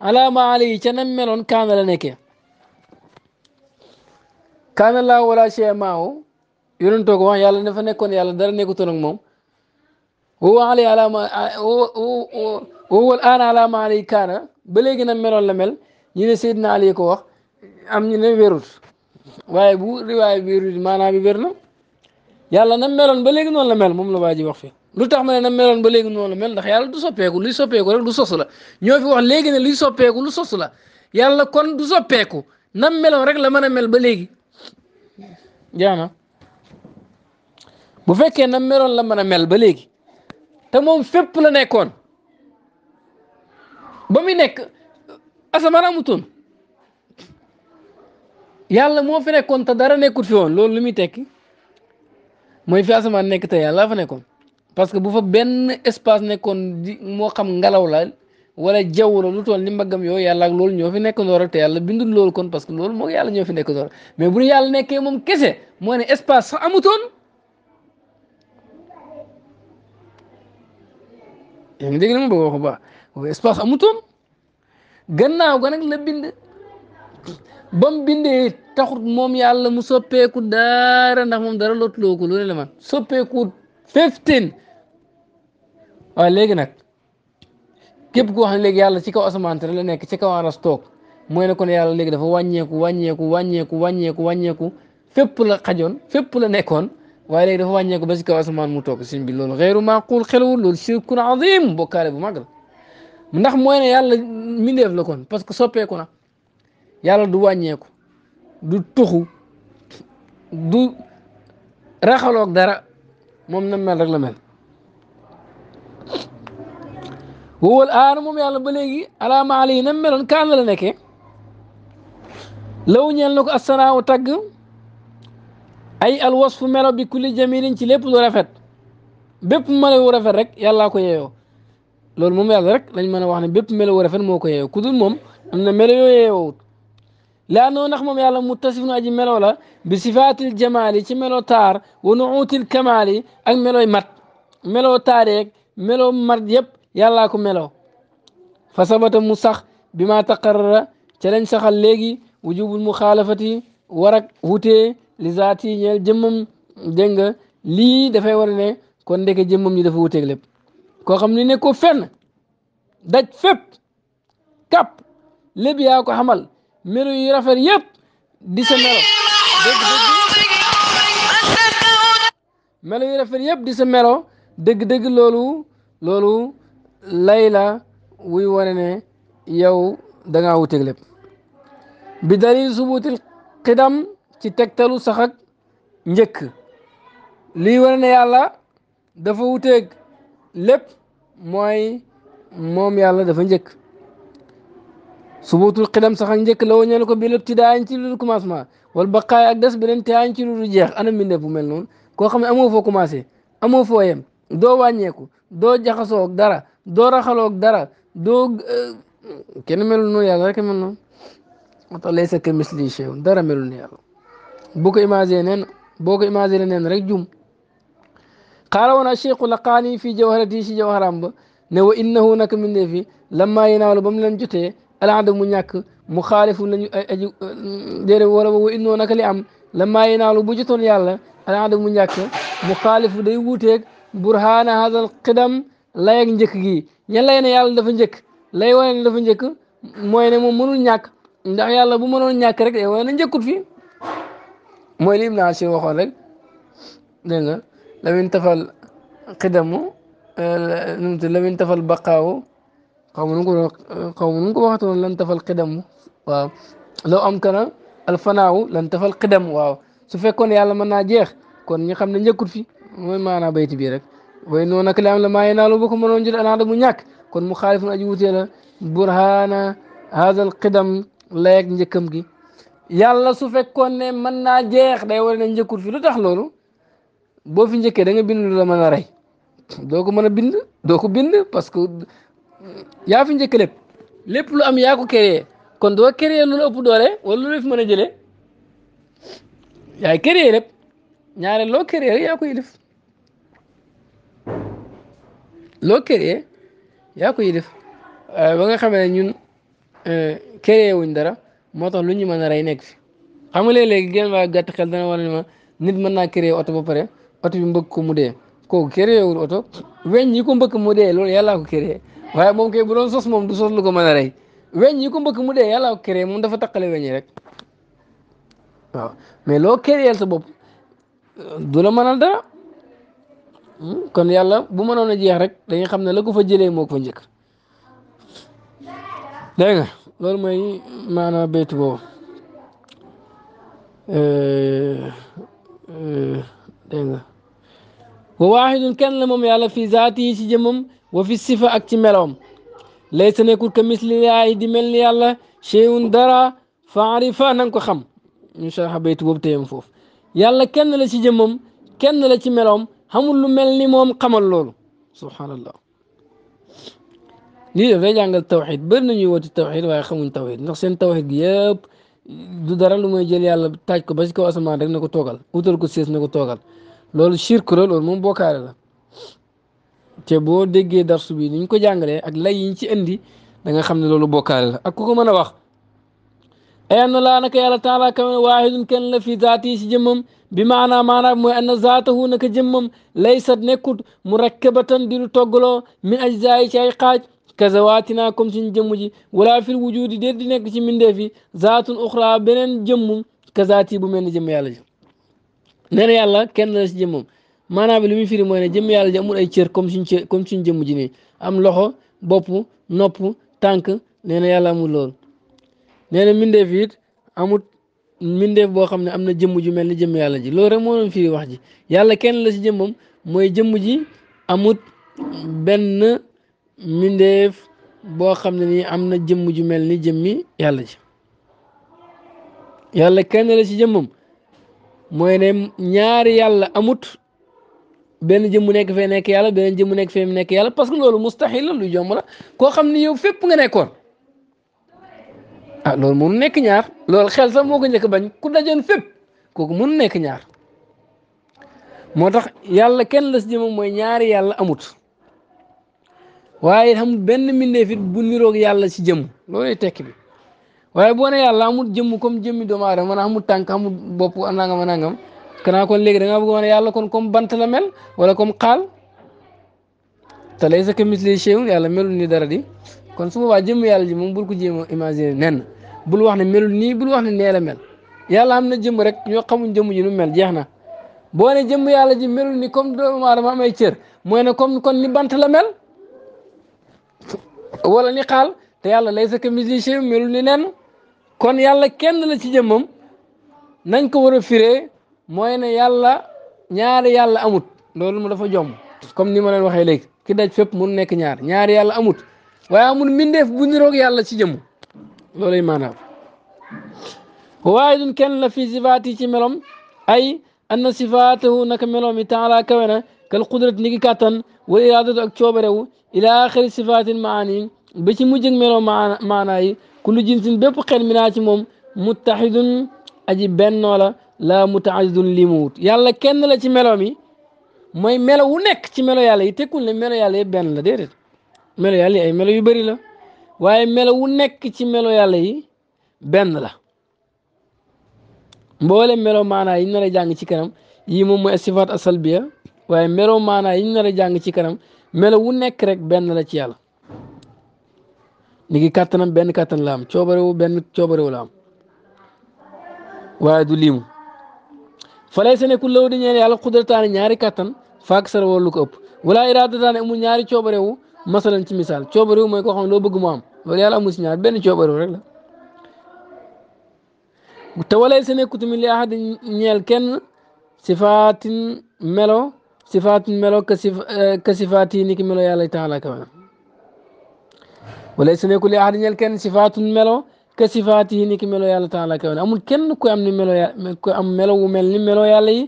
S1: alaama ali ca nam meloon kaana la nekkee kaana laa wala chee maaw yonent ko wax yàlla dafa nekkoon yàlla dara nekkutoon ak moom wowal ali alaama wowal kaana ba léegi nam meloon la mel ñu ne Seydina Ali ko wax am ñu ne waaye bu riwaay bi wérut maanaam bi wér na nam meloon ba léegi noonu la mel moom la waa wax fi lu tax ma nan meloon ba léegi noonu la mel ndax yàlla du soppeeku luy soppeeku rek lu sosu la ñoo fi wax léegi ne luy soppeeku lu sosu la yàlla kon du soppeeku nan meloon rek la mën a mel ba léegi jaana bu fekkee nam meloon la mën a mel ba léegi te moom fépp la nekkoon ba muy nekk asamaan amutoon yàlla moo fi nekkoon te dara nekkut fi woon loolu lu muy tekki mooy fi asamaan nekk te yàlla fa nekkoon parce que bu fa benn espace nekkoon moo xam ngelaw la wala jaww lu toll ni mbaggam yooyu yàlla ak loolu ñoo fi nekk ndoor te yàlla bindul loolu kon parce que loolu moo yàlla ñoo fi nekk ndoor mais bu ñu yàlla nekkee moom kese moo ne espace sax amutoon yaa ngi dégg na ma bëgg wax bu baax gannaaw ga la bind ba mu bindee taxut moom yàlla mu soppeeku dara ndax moom dara lootuloo ko loolu la soppeeku. fifteen waaye léegi nag képp koo wax ne léegi yàlla ci kaw asamaan te la nekk ci kaw aras toog mooy ne kon yàlla léegi dafa wàññeeku wàññeeku wàññeeku wàññeeku wàññeeku fépp la xajoon fépp la nekkoon waaye léegi wàññeeku ba ci kaw asamaan mu toog sin bi loolu xeeru maaqul xelwul loolu shirkun azim bokkaale bu mag la ndax mooy ne yàlla mindeef la kon parce que soppeeku na yàlla du wàññeeku du tuxu du raxaloog dara moom na mel rek la mel wowal aar moom yàlla ba léegi alaama ali yi meloon kaan la la nekkee law ñeel na ko assanaaw tagg ay alwasfu melo bi kulli jamilin ci lépp lu rafet bépp melo wu rafet rek yàllaa ko yeeyoo loolu moom yàlla rek lañ mën a wax ne bépp melo wu rafet moo ko yeeyoo ku moom am na melo yoo yeeyoowut لأنه نخمم يالا متصف أجي ملولا بصفات الجمال تي ملو تار ونعوت الكمال أك ملو مت ملو تاريك ملو مرد يب يالا كو ملو فثبت مسخ بما تقرر تلن سخل لغي وجوب المخالفة ورق هوتي لذاتي نيل جمم دنگ لي dafay war ne kon ndeke jëmmam ñi dafa wuteeg lépp koo xam ne ne ko fenn daj fépp melo yi rafet yëpp di sa melo rafet yëpp di sa melo dëgg-dëgg loolu loolu lay la wuy wane ne yow da wuteeg lépp bi dalil subutil xidam ci tegtalu sax ak njëkk lii wane ne yàlla dafa wuteeg lépp mooy moom yàlla dafa njëkk subutul xidam sax ak njëkk la woo ñeel ko bil ibtidaayin ci lu commencement wal baqaay ak des beneen tiyaayin ci lu jeex anam mbindeef bu mel noonu ko xam ne amoo foo commencé amoo foo yem doo wàññeeku doo jaxasoo dara doo raxalook dara doo euh, kenn melul noonu yàlla rekk mel noonu tax laysa ka misli shay'un dara melul ne yàlla bu ko imagé neen boo ko imagé neen rek jum xaala woon cheikhu laqaani fii jawharati si jawharam ba ne wa innahu naka mbindeef yi lammaa yenaalu ba mu leen jotee alaada mu ñàkk mu xaalifu nañu aji déedéet wala wa innoo naka li am la maayi naalu bu jotoon yàlla alaada mu ñàkk mu xaalifu day wuuteeg burhaana hadal qidam lay ak njëkk gi ña lay ne yàlla dafa njëkk lay wane ne dafa njëkk mooy ne moom mënul ñàkk ndax yàlla bu mënoon ñàkk rek day wane ne njëkkut fi mooy li Ibn Ashir waxoon rek dégg nga lamin tafal qidamu lamin tafal baqaawu xaw ma nu ko xaw ma nu ko waxatoon lan tafal xidamu waaw law am kana alfanaawu lan tafal xidam waaw su fekkoon yàlla mën naa jeex kon ñi xam ne njëkkut fi mooy maanaa bayti bii rek way noonu nag li am la maa yee naa lu ba ko mënoon jël anaada mu ñàkk kon mu xaalifun aji wutee la burhaana haazal xidam layak njëkkam gi yàlla su fekkoon ne mën naa jeex day war ne njëkkut fi lu tax loolu boo fi njëkkee da nga bind lu la mën a rey doo ko mën a bind doo ko bind parce que yaa fi njëkk lépp lépp lu am yaa ko créé kon doo créé lu la ëpp doole wala lu la fi mën a jëlee yaay créé lépp ñaare loo créé rek yaa ko yilif loo créé yaa ko yilif eh, ba nga xamee ne ñun eh, créé wuñ dara moo tax lu ñu mën a rey nekk fi xam nga léeg-léegi gën waa xel dana war ma nit mën naa créé oto ba pare oto bi mbëkk ko mu dee kooku créé wul oto weñ ñi ko mbëkk mu dee loolu yàllaa ko créé waaye moom kay bu doon sos moom du sos lu ko mën a rey weñ yi ko mbëkk mu dee yàlla ko créé moom dafa taqale weñ yi rek waaw mais loo créé sa bopp du la mënal dara hmm, kon yàlla bu mënoon a jeex rek dañuy xam ne la ko fa jëlee moo ko fa njëkk dégg nga loolu mooy maanaam béytu boobu dégg nga la moom yàlla fii zaati ci jëmmam wa fi sifa ak ci meloom laysa nekkul ka mislillaahi di mel ni yàlla cheyun dara faarifa na nga ko xam incha baytu boobu teyam foofu yàlla kenn la ci jëmmam kenn la ci meloom xamul lu mel ni moom xamal loolu subhanallah lii daf lay jàngal tawxid bëri nañuy woote tawxid waaye xamuñ tawxid ndax seen tawxid gi yëpp du dara lu mooy jël yàlla taaj ko ba ci kaw asamaan rek na ko toogal utal ko sées na ko toogal loolu shirk la loolu moom bokkaale la te boo déggee darsu bi ni ko jàngalee ak lay yi indi da nga xam ne loolu bokkaale la ak ku ko mën a wax ay anna laa naka yàlla taala kawe waahidun kenn la fii zaati ci si bi maanaa maanaam mooy anna zaatahu naka jëmmam laysat nekkut murakkabatan di lu toggaloo min ajzaayi ci ay xaaj kazawaatinaa comme suñu jëmm ji wala fil wujudi di nekk ci mindeef yi zaatun uxra beneen jëmmum kazaati bu mel ni jëmm yàlla ji nee na yàlla kenn la si jëmmam maanaam bi li muy firi mooy ne jëmm yàlla ji amul ay cër comme suñ cër comme suñ jëmm ji nii am loxo bopp nopp tànk nee na yàlla amul lool nee na mbindeef it boo xam ne am na jëmm ju mel ni jëmm yàlla ji loolu rek moo doon firi wax ji yàlla kenn la si jëmmam mooy jëmm ji amut benn mbindeef boo xam ne nii am na jëmm ju mel ni jëmmi yàlla ji yàlla kenn la si jëmmam mooy ne ñaari yàlla amut benn jëmm nekk fee nekk yàlla benn jëmm nekk fee nekk yàlla parce que loolu mustahil la lu jomb la koo xam ni yow fépp nga nekkoon ah loolu mun nekk ñaar loolu xel sax moo ko njëkk bañ ku dajoon fépp kooku mun nekk ñaar moo tax yàlla kenn la si jëmm mooy ñaari yàlla amut waaye xam benn mbindeef it bu niroog yàlla si jëmm loolay tekki bi waaye boo ne yàlla amut jëmm comme jëmmi doomu aadama man amut tànk amut bopp nangam nangam. kanaa kon léegi da ngaa bëgg a wax kon comme bant la mel wala comme xaal ta lay sa kamis lay cheyun yàlla melul ni dara di kon su boobaa jëmm yàlla ji moom bul ko jéem a nenn bul wax ne melul nii bul wax ne nee mel yàlla am na jëmm rek ñoo xamuñ jëmm ji nu mel jeex na boo ne jëmm yàlla ji melul ni comme doomu aadama am ay cër mooy ne comme kon ni bant la mel wala ni xaal te yàlla lay sa kamis lay cheyun ni nen kon yàlla kenn la ci jëmmam nañ ko war a mooy ne yàlla ñaari yàlla amut loolu mu dafa jomb comme ni ma leen waxee léegi ki daj fépp mun nekk ñaar ñaari yàlla amut waaye amul mbindeef bu niroog yàlla ci jëmm loolay maanaam waaye dun kenn la fi sifaat yi ci melom ay anna sifaatahu naka melom yi taala kawe na kal qudrat ni ki kàttan wa iraadatu ak coobarewu ila axiri sifaatin maani ba ci mujjëg meloom maanaa yi kullu jinsin bépp xel mi naa ci moom muttaxidun aji bennoo la laa mutaajidun lii mu wut yàlla kenn la ci melo mi mooy melo wu nekk ci melo yàlla yi tekkul ne melo yàlla yi benn la déedéet melo yàlla yi ay melo yu bari la waaye melo wu nekk ci melo yàlla yi benn la mboole melo maanaa yi ñu nar jàng ci kanam yii moom mooy sifaat asalbiya waaye melo maanaa yi ñu nar a jàng ci kanam melo wu nekk rek benn la ci yàlla nigi ngi benn kàttan la am coobarewu benn coobarewu la am waaye du liimu falay sa nekkul law di ñeel yàlla xudrataani ñaari kattan faak sara wala lu ko ëpp wala iradataani amul ñaari coobarewu masalan ci misaal coobarewu mooy koo xam loo bëgg mu am loolu yàlla amul si ñaar benn coobarewu rek la te walay sa nekkut mi li ahad ñeel kenn sifaatin melo sifaatin melo ka sifaati ni ki melo yàlla taala kawa walay sa nekkul li ahad ñeel kenn sifaatun melo ka sifaat yi ni ki melo yàlla taala kawe amul kenn ku am ni melo yàlla ku am melo wu mel ni melo yàlla yi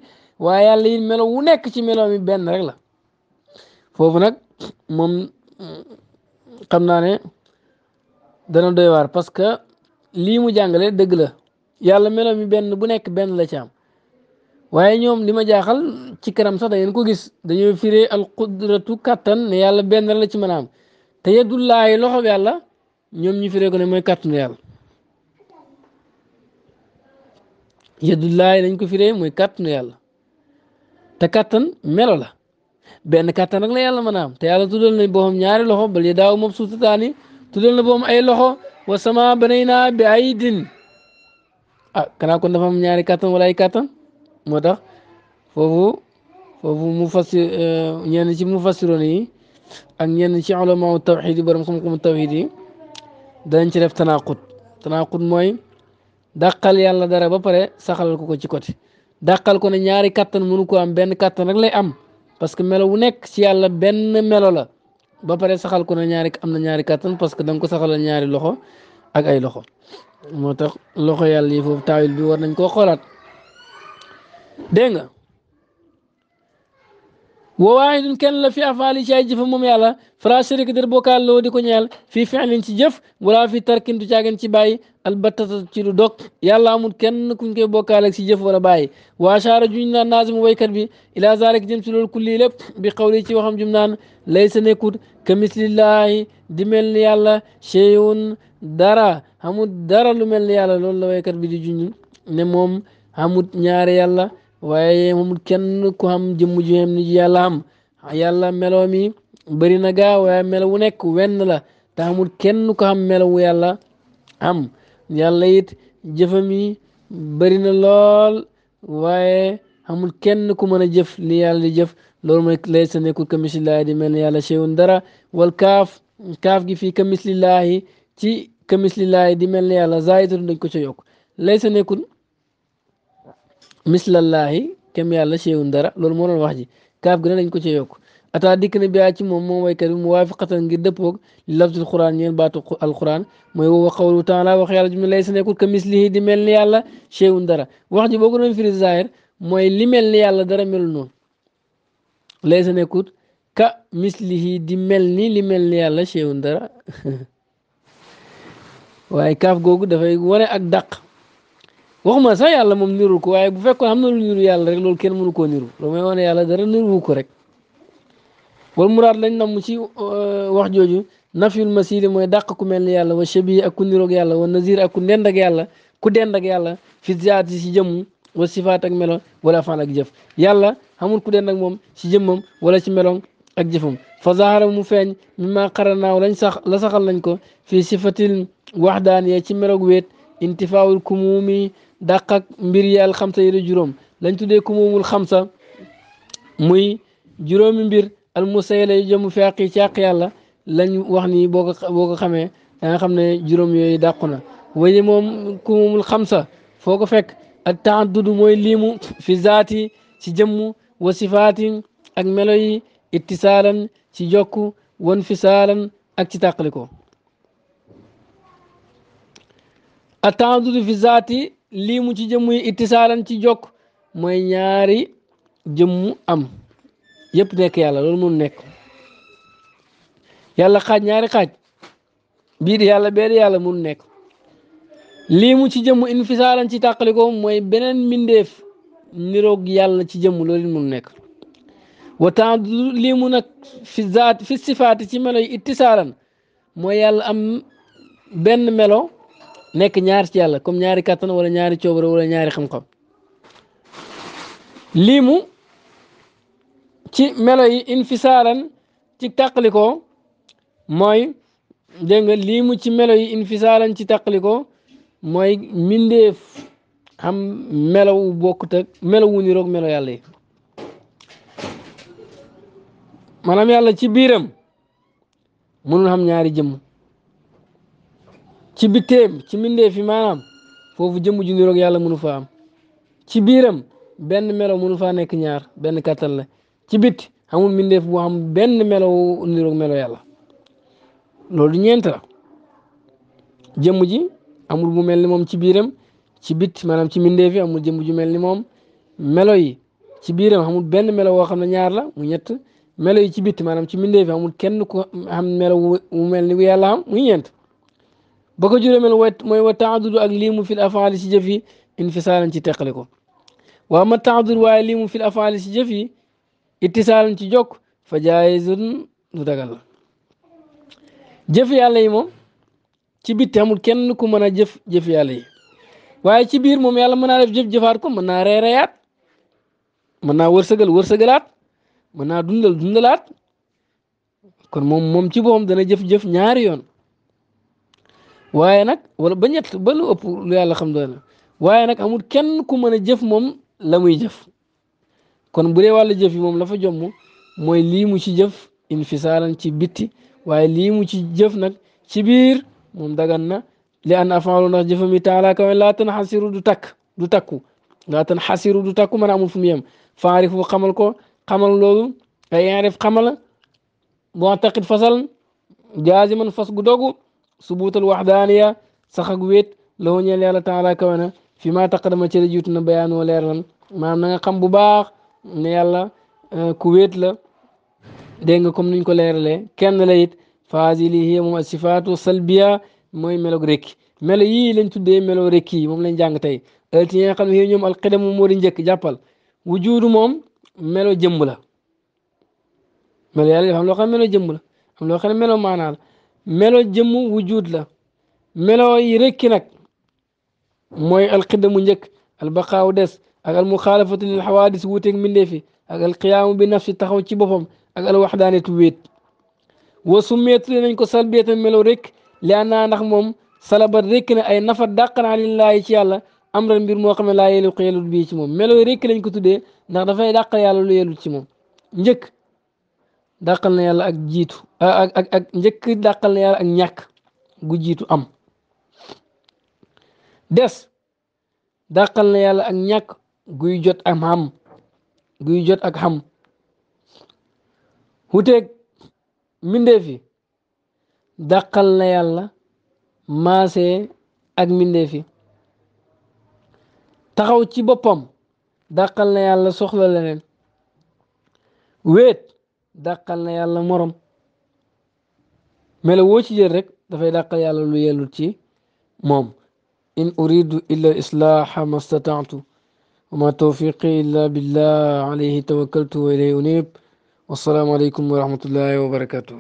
S1: waaye yàlla yi melo wu nekk ci melo mi benn rek la foofu nag moom mm, xam naa ne dana doy waar parce que lii mu jàngale dëgg la yàlla melo mi benn bu nekk benn la ci am waaye ñoom li ma jaaxal ci kanam sax da ngeen ko gis dañoo firé al qudratu kàttan ne yàlla benn la ci mën a am te yedullaayi loxo yàlla ñoom ñu firé ko ne mooy kàttanu yàlla yadullaay lañ ko firee mooy kàttanu yàlla te kàttan melo la benn kattan rek la yàlla mën a am te yàlla tuddal nañ boppam ñaari loxo bal yadaahu mabsuutataani tuddal na boom ay loxo wa sama banaynaa bi ay ah kanaa kon dafa am ñaari kàttan wala ay kàttan moo tax foofu foofu mu fassi eh, ñenn ci mu fassiroon yi ak ñenn ci ulamaa tawxiid yi borom xam-xam tawxiid ci def tanaaqut tanaaqut mooy dàqal yàlla dara ba pare saxalal ko ko ci côté dàqal ko na ñaari kàttan mënu ko am benn kàttan rek lay am parce que melo bu nekk ci yàlla benn melo la ba pare saxal ko na ñaari am na ñaari kattan parce que da nga ko saxalal ñaari loxo ak ay loxo moo tax loxo yàlla yi foofu taawil bi war nañ koo xoolaat dégg nga woo waaye kenn la fi afaali ci ay jëfam moom yàlla fala sharika dér bokkaal loo di ko ñeel fii fi'lin ci jëf wala fi tarkin du caagen ci bàyyi albattata ci lu dog yàlla amul kenn kuñ koy bokkaale ci jëf wala bàyyi waa shaara juñ naan naasimu waykat bi ila zalik jëm ci lool kulli lépp bi xawli ci waxam jum naan laysa nekkut ka mislillahi di mel ni yàlla sheyun dara amul dara lu mel ni yàlla loolu la waykat bi di juñ ne moom amut ñaare yàlla waaye moom kenn ku am jëmm ju yem ni yàlla am yàlla meloo mi bëri na gaa waaye melo wu nekk wenn la te amul kenn ku am melow yàlla am yàlla it jëfam yi bëri na lool waaye amul kenn ku mën a jëf li yàlla di jëf loolu mooy lay sa nekkul kamislillahi di mel ne yàlla cheyun dara wal kaaf kaaf gi fii kamislillahi ci kamislillahi di mel ne yàlla zaayitatu dañ ko ci yokk lay nekkul mislallaahi kem yàlla séewun dara loolu moo doon wax ji kaaf gi ko cee yokk ataa dikk na biyaa moom moom waykat bi mu waafiqatan ngir dëppoog li lafzul quran ñeen baatu alquran mooy woowa xawlu taala wax yàlla ju mu lay sa nekkul ka mislihi mel ni yàlla séewun dara wax ji boo ko doon firi mooy li mel ni yàlla dara melu noonu lay sa nekkut di mel ni li mel ni yàlla séewun dara waaye kaaf googu dafay wane ak dàq waxuma sax yàlla moom niru ko waaye bu fekkoon am na lu niru yàlla rek loolu kenn mënu koo niru loolu mooy wane yàlla dara niru ko rek wal muraad lañ namm ci wax jooju nafyul masili mooy dàq ku mel ni yàlla wa shabi ak ku niroog yàlla wa nazir ak ku ndend ak yàlla ku dend ak yàlla fi zaat yi si jëmm wa sifaat ak melo wala fan ak jëf yàlla xamul ku dend ak moom si jëmmam wala ci meloom ak jëfam fa zahara mu feeñ mi maa qaranaaw lañ sax la saxal lañ ko fi sifatil waxdaan yee ci meroog wéet intifaawul kumuumi dàq ak mbir yi alxamsa yi di juróom lañ tuddee ku moomul xamsa muy juróomi mbir al musayala yi jëmu fi àq yi ci àq yàlla lañ wax ni boo ko boo ko xamee da nga xam ne juróom yooyu dàqu na waaye moom ku moomul xamsa foo ko fekk ak taaddudu mooy liimu fi zaati ci jëmm wa sifaati ak melo yi ittisaalan ci jokk wan fisaalan ak ci tàqaliko ak taaddudu fi zaati liimu ci jëmm yi ittisaalan ci jokk mooy ñaari jëmmu am yëpp nekk yàlla loolu mun nekk yàlla xaaj ñaari xaaj bii di yàlla bee yàlla mun nekk liimu ci jëmm infisaalan ci tàqalikoo mooy beneen mbindeef niroog yàlla ci jëmm loolu mun nekk wa temps lii fi sifaati ci melo yi ittisaalan mooy yàlla am benn melo nekk ñaar ci yàlla comme ñaari kàttan wala ñaari coobara wala ñaari xam-xam lii ci melo yi infisaalan ci tàqalikoo mooy dégg nga lii mu ci melo yi infisaalan ci tàqalikoo mooy mbindeef xam melo wu bokkut ak melo wu niroog yàlla yi maanaam yàlla ci biiram mënul xam ñaari jëmm ci bitteem ci mbindeef yi maanaam foofu jëmm ju niroog yàlla mënu fa am ci biiram benn melo mënu faa nekk ñaar benn kattan la ci bit amul mbindeef bu am benn melo niroog melo yàlla loolu ñeent la jëmm ji amul bu mel ni moom ci biiram ci bit maanaam ci mbindeef yi amul jëmm ju mel ni moom melo yi ci biiram amul benn melo woo xam ne ñaar la mu ñett melo yi ci bit maanaam ci mbindeef kenn ko am melo wu mel ni yàlla am ñeent ba ko juróomeel mooy wa taadudu ak liimu fil afaali si jëf yi infisaalan ci teqale ko waa ma taadud waaye liimu fil afaali si jëf yi ittisaalan ci jokk fa jaayizun du dagal la jëf yàlla yi moom ci bitti amul kenn ku mën jëf jëf yàlla yi waaye ci biir moom yàlla mën def jëf jëfaat ko mën naa reereyaat wërsëgal wërsëgalaat mën dundal dundalat kon moom moom ci boppam dana jëf-jëf ñaari yoon waaye nag wala ba ba lu xam doy na waaye nag amul kenn ku mën a jëf moom la muy jëf kon bu dee wàllu jëf yi moom la fa jomm mooy lii mu ci jëf infisaalan ci bitti waaye lii mu ci jëf nag ci biir moom dagan na li an afaalu ndax jëfam yi taala kawe laa tan xasiru du takk du takku laa tan xasiru du takku mën a amul fu mu yem faarifu xamal ko xamal loolu ay enref xamal boo taqit fasal jaaziman fas gu dogu subuutal waxdaaniya sax ak wéet la woo ñeel yàlla taala kawe na fi maa taqadama ci la jiitu na bayaan woo leeral maanaam na nga xam bu baax ne yàlla ku wéet la dégg nga comme nuñ ko leeralee kenn la it faasi lii hiya moom asifaatu salbiya mooy meloog rekki melo yii lañ tuddee meloo rekki yi moom lañ jàng tey ëlti yi nga xam ne yooyu ñoom alqidamu moo di njëkk jàppal wujuudu moom melo jëmb la melo yàlla dafa am loo xam ne melo jëmb la am loo xam ne melo maanaa la melo jëmm wujud la melo yi rekki nag mooy alxidamu njëkk albaqaaw des ak almuxaalafatu lil xawaadis wuuteeg mbindeefi ak alqiyaamu bi nafsi taxaw ci boppam ak alwaxdaanatu wéet wa summeetule nañ ko salbiyatan melo rek li annaa ndax moom salabat rekk na ay nafar dàqanaa lillaahi ci yàlla amran mbir moo xam ne laa yeelu ko yelut bii ci moom melo rek lañ ko tuddee ndax dafay dàqal yàlla lu yelut ci moom njëkk dàqal na yàlla ak jiitu ak ak ak njëkk dàqal na yàlla ak ñàkk gu jiitu am des dàqal na yàlla ak ñàkk guy jot ak xam guy jot ak xam wuteeg mbindeef yi dàqal na yàlla maase ak mbindeef taxaw ci boppam dàqal na yàlla soxla leneen wéet dàqal na yàlla morom melo woo ci jël rek dafay dàqal yàlla lu yellut ci moom in uridu illa islaaha ma stataatu wa ma tawfiqi illa billah alayhi tawakkaltu wa ilayhi unib wassalaamu alaykum wa rahmatullahi wa barakatuh